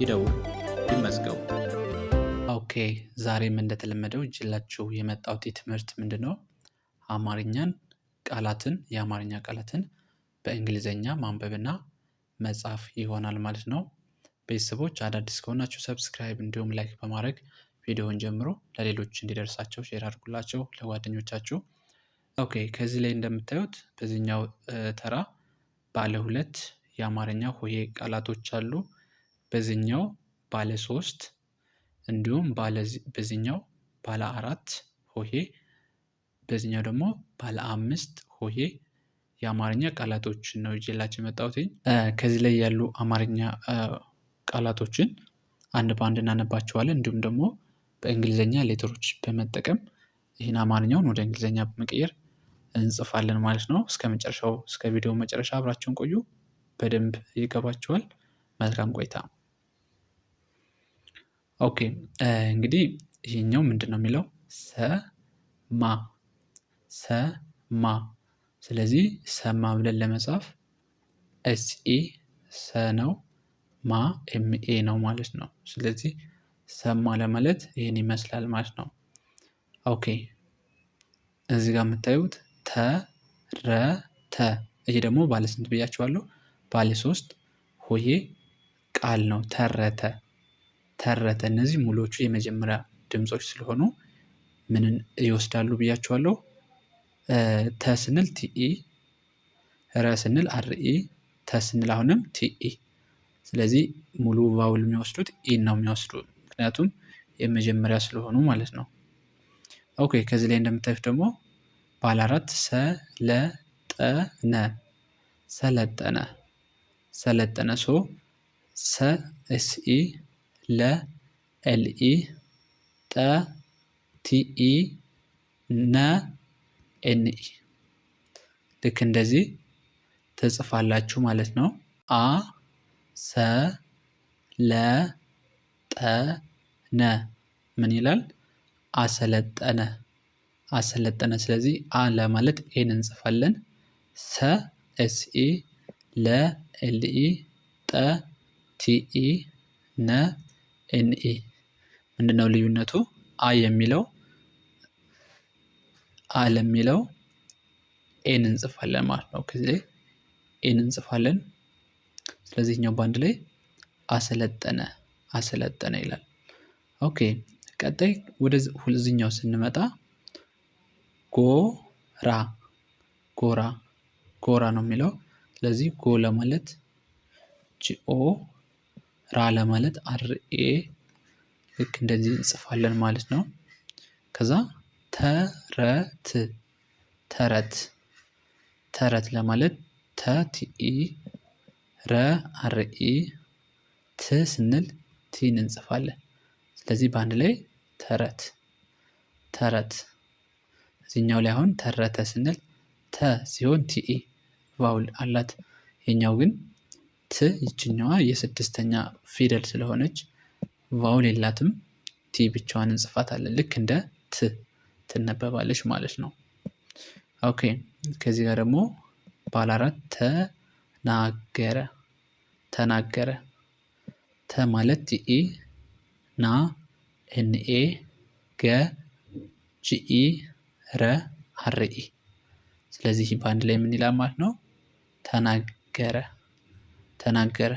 ይደውሉ፣ ይመዝገቡ። ኦኬ ዛሬም እንደተለመደው እጅላችሁ የመጣሁት ትምህርት ምንድን ነው? አማርኛን ቃላትን የአማርኛ ቃላትን በእንግሊዝኛ ማንበብና መጻፍ ይሆናል ማለት ነው። ቤተሰቦች አዳዲስ ከሆናችሁ ሰብስክራይብ እንዲሁም ላይክ በማድረግ ቪዲዮውን ጀምሮ ለሌሎች እንዲደርሳቸው ሼር አድርጉላቸው ለጓደኞቻችሁ። ኦኬ ከዚህ ላይ እንደምታዩት በዚህኛው ተራ ባለ ሁለት የአማርኛ ሆሄ ቃላቶች አሉ። በዚህኛው ባለ ሶስት እንዲሁም በዚህኛው ባለ አራት ሆሄ በዚህኛው ደግሞ ባለ አምስት ሆሄ የአማርኛ ቃላቶችን ነው ይዤላችሁ የመጣሁት። ከዚህ ላይ ያሉ አማርኛ ቃላቶችን አንድ በአንድ እናነባቸዋለን። እንዲሁም ደግሞ በእንግሊዝኛ ሌተሮች በመጠቀም ይህን አማርኛውን ወደ እንግሊዝኛ በመቀየር እንጽፋለን ማለት ነው። እስከ መጨረሻው እስከ ቪዲዮ መጨረሻ አብራችሁን ቆዩ። በደንብ ይገባችኋል። መልካም ቆይታ ኦኬ እንግዲህ ይሄኛው ምንድን ነው የሚለው ሰማ ሰማ። ስለዚህ ሰማ ብለን ለመጻፍ ኤስኢ ሰ ነው ማ ኤምኤ ነው ማለት ነው። ስለዚህ ሰማ ለማለት ይህን ይመስላል ማለት ነው። ኦኬ እዚህ ጋር የምታዩት ተረተ፣ ይህ ደግሞ ባለ ስንት ባለ ሶስት ሆዬ ቃል ነው ተረተ ተረተ። እነዚህ ሙሎቹ የመጀመሪያ ድምጾች ስለሆኑ ምንን ይወስዳሉ ብያቸዋለሁ። ተ ስንል ቲኢ፣ ረ ስንል አርኢ፣ ተ ስንል አሁንም ቲኢ። ስለዚህ ሙሉ ቫውል የሚወስዱት ኢን ነው የሚወስዱ ምክንያቱም የመጀመሪያ ስለሆኑ ማለት ነው። ኦኬ ከዚህ ላይ እንደምታዩት ደግሞ ባለ አራት ሰለጠነ፣ ሰለጠነ፣ ሰለጠነ ሶ ሰ ኤስኢ ለ ኤልኢ ጠ ቲኢ ነ ኤንኢ ልክ እንደዚህ ትጽፋላችሁ ማለት ነው። አ ሰ ለ ጠ ነ ምን ይላል? አሰለጠነ አሰለጠነ። ስለዚህ አ ለማለት ኤን እንጽፋለን። ሰ ኤስኢ ለ ኤልኢ ጠ ቲኢ ነ ኤንኤ ምንድነው ልዩነቱ? አይ የሚለው አ ለሚለው ኤን እንጽፋለን ማለት ነው። ከዚህ ኤን እንጽፋለን። ስለዚህ እኛው በአንድ ላይ አሰለጠነ አሰለጠነ ይላል። ኦኬ ቀጣይ ወደ ሁለዝኛው ስንመጣ ጎራ ጎራ ጎራ ነው የሚለው። ስለዚህ ጎ ለማለት ጂኦ ለማለት አር አርኤ ልክ እንደዚህ እንጽፋለን ማለት ነው። ከዛ ተረት ተረት ተረት ለማለት ቲኢ ረ ኢ ት ስንል ቲን እንጽፋለን። ስለዚህ በአንድ ላይ ተረት ተረት። እዚህኛው ላይ አሁን ተረተ ስንል ተ ሲሆን ቲኢ ቫውል አላት። የኛው ግን ት ይችኛዋ የስድስተኛ ፊደል ስለሆነች ቫውል የላትም። ቲ ብቻዋን እንጽፋታለን። ልክ እንደ ት ትነበባለች ማለት ነው። ኦኬ ከዚህ ጋር ደግሞ ባለአራት ተናገረ ተናገረ ተ ማለት ቲኢ ና ኤንኤ ገ ጂኢ ረ አርኢ ስለዚህ በአንድ ላይ የምንላ ማለት ነው ተናገረ ተናገረ።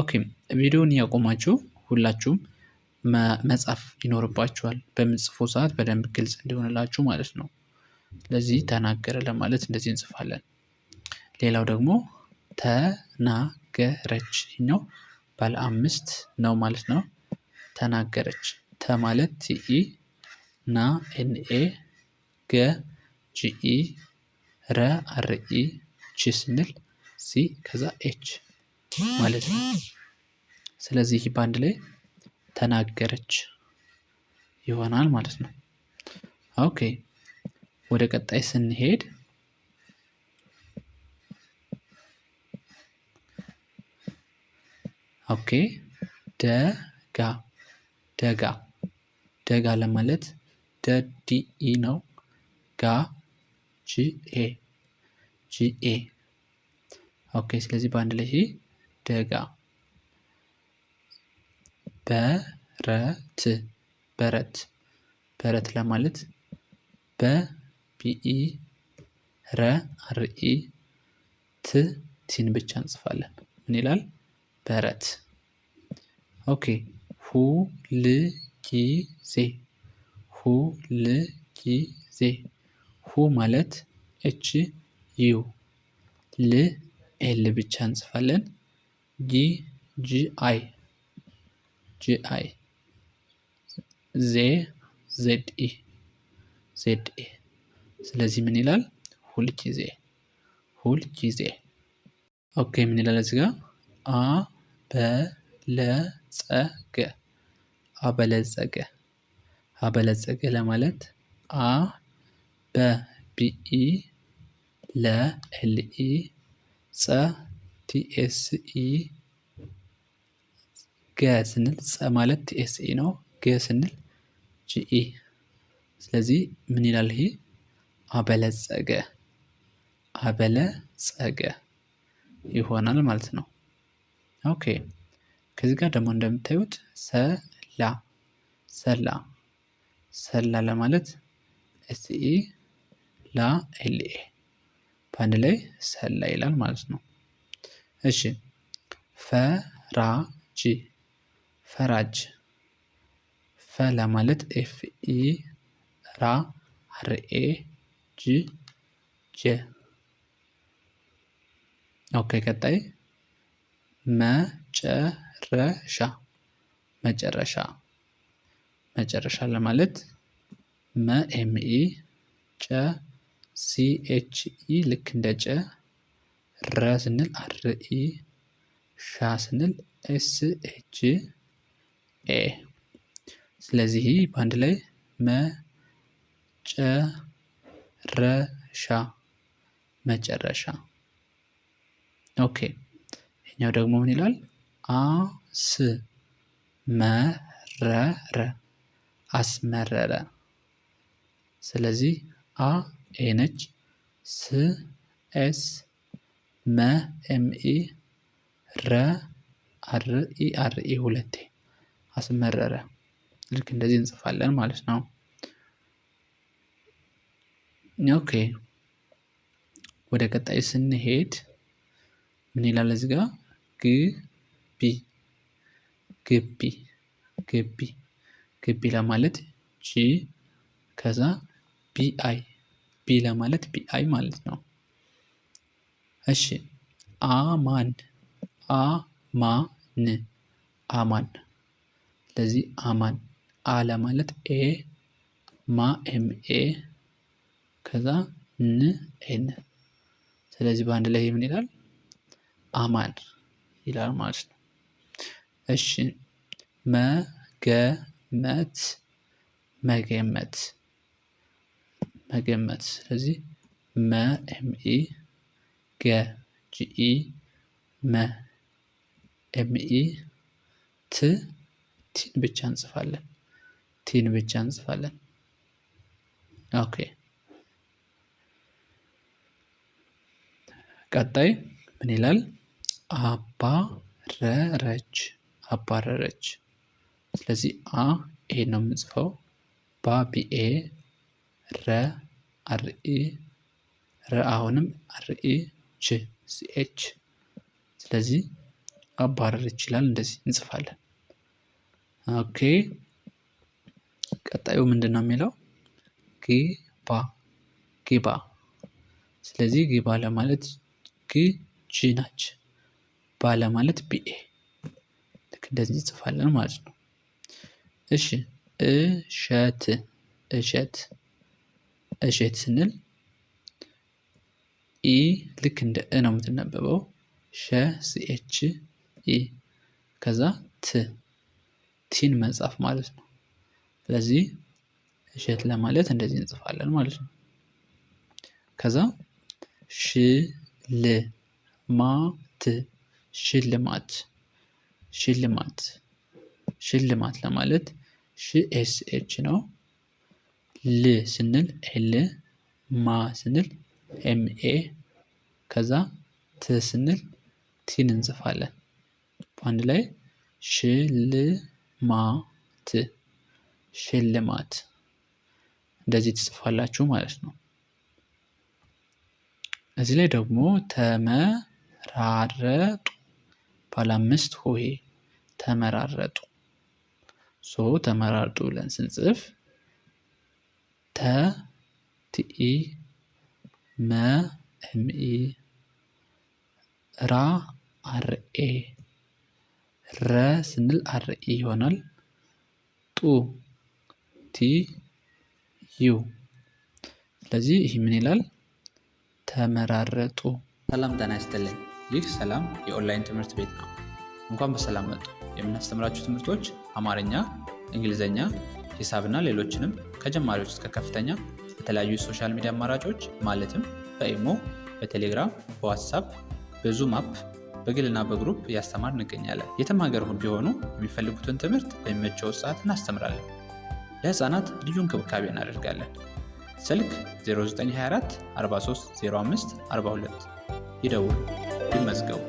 ኦኬ ቪዲዮውን እያቆማችሁ ሁላችሁም መጻፍ ይኖርባችኋል። በምጽፎ ሰዓት በደንብ ግልጽ እንዲሆንላችሁ ማለት ነው። ስለዚህ ተናገረ ለማለት እንደዚህ እንጽፋለን። ሌላው ደግሞ ተናገረች ኛው ባለ አምስት ነው ማለት ነው። ተናገረች ተማለት ቲኢ ና ኤንኤ ገ ጂኢ ረ አርኢ ቺ ስንል ሲ ከዛ ኤች ማለት ነው። ስለዚህ በአንድ ላይ ተናገረች ይሆናል ማለት ነው። ኦኬ ወደ ቀጣይ ስንሄድ ኦኬ ደጋ ደጋ ደጋ ለማለት ደዲኢ ነው። ጋ ጂኤ ጂኤ ኦኬ። ስለዚህ በአንድ ላይ ደጋ በረት በረት በረት ለማለት በ ቢኢ ረ አርኢ ት ቲን ብቻ እንጽፋለን። ምን ይላል? በረት። ኦኬ ሁ ል ጊ ዜ ሁ ማለት ኤች ዩ ል ኤል ብቻ እንጽፋለን። G G I G I Z Z E Z E ስለዚህ ምን ይላል? ሁል ጊዜ ሁል ጊዜ። ኦኬ ምን ይላል እዚህ ጋር? አ በ ለ ጸ ገ አበለጸገ አበለጸገ ለማለት አ በ ለኤልኢ ለ ጸ ቲኤስኢ ገ ስንል ፀ ማለት ቲኤስኢ ነው። ገ ስንል ጂኢ። ስለዚህ ምን ይላል ይሄ? አበለጸገ አበለጸገ ይሆናል ማለት ነው። ኦኬ ከዚህ ጋር ደግሞ እንደምታዩት ሰላ ሰላ ሰላ ለማለት ኤስኢ ላ ኤልኤ በአንድ ላይ ሰላ ይላል ማለት ነው። እሺ ፈራጅ ፈራጅ ፈ ለማለት ኤፍ ኢ ራ አር ኤ ጂ ጄ። ኦኬ ቀጣይ መጨረሻ መጨረሻ መጨረሻ ለማለት መ ኤም ኢ ጨ ሲ ኤች ኢ ልክ እንደ ጨ ረ ስንል አር ኢ ሻ ስንል ኤስ ኤች ኤ። ስለዚህ በአንድ ላይ መጨረሻ መጨረሻ። ኦኬ ይህኛው ደግሞ ምን ይላል? አ ስ መረረ አስመረረ። ስለዚህ አ ኤ ነች ስ ኤስ መ ረ አር ኢ አር ኢ ሁለቴ አስመረረ። ልክ እንደዚህ እንጽፋለን ማለት ነው። ኦኬ ወደ ቀጣይ ስንሄድ ምን ይላል እዚህ ጋ ግቢ ግቢ ግቢ ግቢ ለማለት ጂ ከዛ ቢአይ ቢ ለማለት ቢአይ ማለት ነው። እሺ አማን አማን አማን ስለዚህ አማን አለ ማለት ኤ ማ ኤም ኤ ከዛ ን ኤን ስለዚህ በአንድ ላይ ምን ይላል? አማን ይላል ማለት ነው። እሺ መገመት መገመት መገመት ስለዚህ መ ኤም ኢ ገ ጂኢ መ ኤምኢ ት ቲን ብቻ እንጽፋለን። ቲን ብቻ እንጽፋለን። ኦኬ ቀጣይ ምን ይላል? አባረረች አባረረች። ስለዚህ አ ኤ ነው የምንጽፈው። ባ ቢኤ ረ አርኢ ረ አሁንም አርኢ ች ሲኤች። ስለዚህ አባረር ይችላል። እንደዚህ እንጽፋለን። ኦኬ ቀጣዩ ምንድን ነው የሚለው ጌባ ጌባ። ስለዚህ ጌባ ለማለት ግ ጂ ናች፣ ባ ለማለት ቢኤ። ልክ እንደዚህ እንጽፋለን ማለት ነው። እሺ እሸት እሸት እሸት ስንል ኢ ልክ እንደ እ ነው የምትነበበው። ሸ ሲኤች ኢ ከዛ ት ቲን መጻፍ ማለት ነው። ስለዚህ እሸት ለማለት እንደዚህ እንጽፋለን ማለት ነው። ከዛ ሽ ል ማ ት ሽልማት ሽልማት ሽልማት ለማለት ሽ ኤስ ኤች ነው። ል ስንል ኤል ማ ስንል ኤምኤ ከዛ ት ስንል ቲን እንጽፋለን። በአንድ ላይ ሽልማት ሽልማት እንደዚህ ትጽፋላችሁ ማለት ነው። እዚህ ላይ ደግሞ ተመራረጡ ባለ አምስት ሆሄ ተመራረጡ ሶ ተመራርጡ ብለን ስንጽፍ ተ ቲኢ መ ኤምኢ ራ አርኤ ረ ስንል አርኢ ይሆናል። ጡ ቲ ዩ ስለዚህ ይህ ምን ይላል? ተመራረጡ። ሰላም ጤና ይስጥልኝ። ይህ ሰላም የኦንላይን ትምህርት ቤት ነው። እንኳን በሰላም መጡ። የምናስተምራችሁ ትምህርቶች አማርኛ፣ እንግሊዝኛ፣ ሂሳብና ሌሎችንም ከጀማሪዎች እስከ ከፍተኛ በተለያዩ የሶሻል ሚዲያ አማራጮች ማለትም በኢሞ፣ በቴሌግራም፣ በዋትሳፕ፣ በዙም አፕ በግልና በግሩፕ እያስተማር እንገኛለን። የትም ሀገር ቢሆኑ የሚፈልጉትን ትምህርት በሚመቸው ሰዓት እናስተምራለን። ለህፃናት ልዩ እንክብካቤ እናደርጋለን። ስልክ 0924 05 42 ይደውል ይመዝገቡ።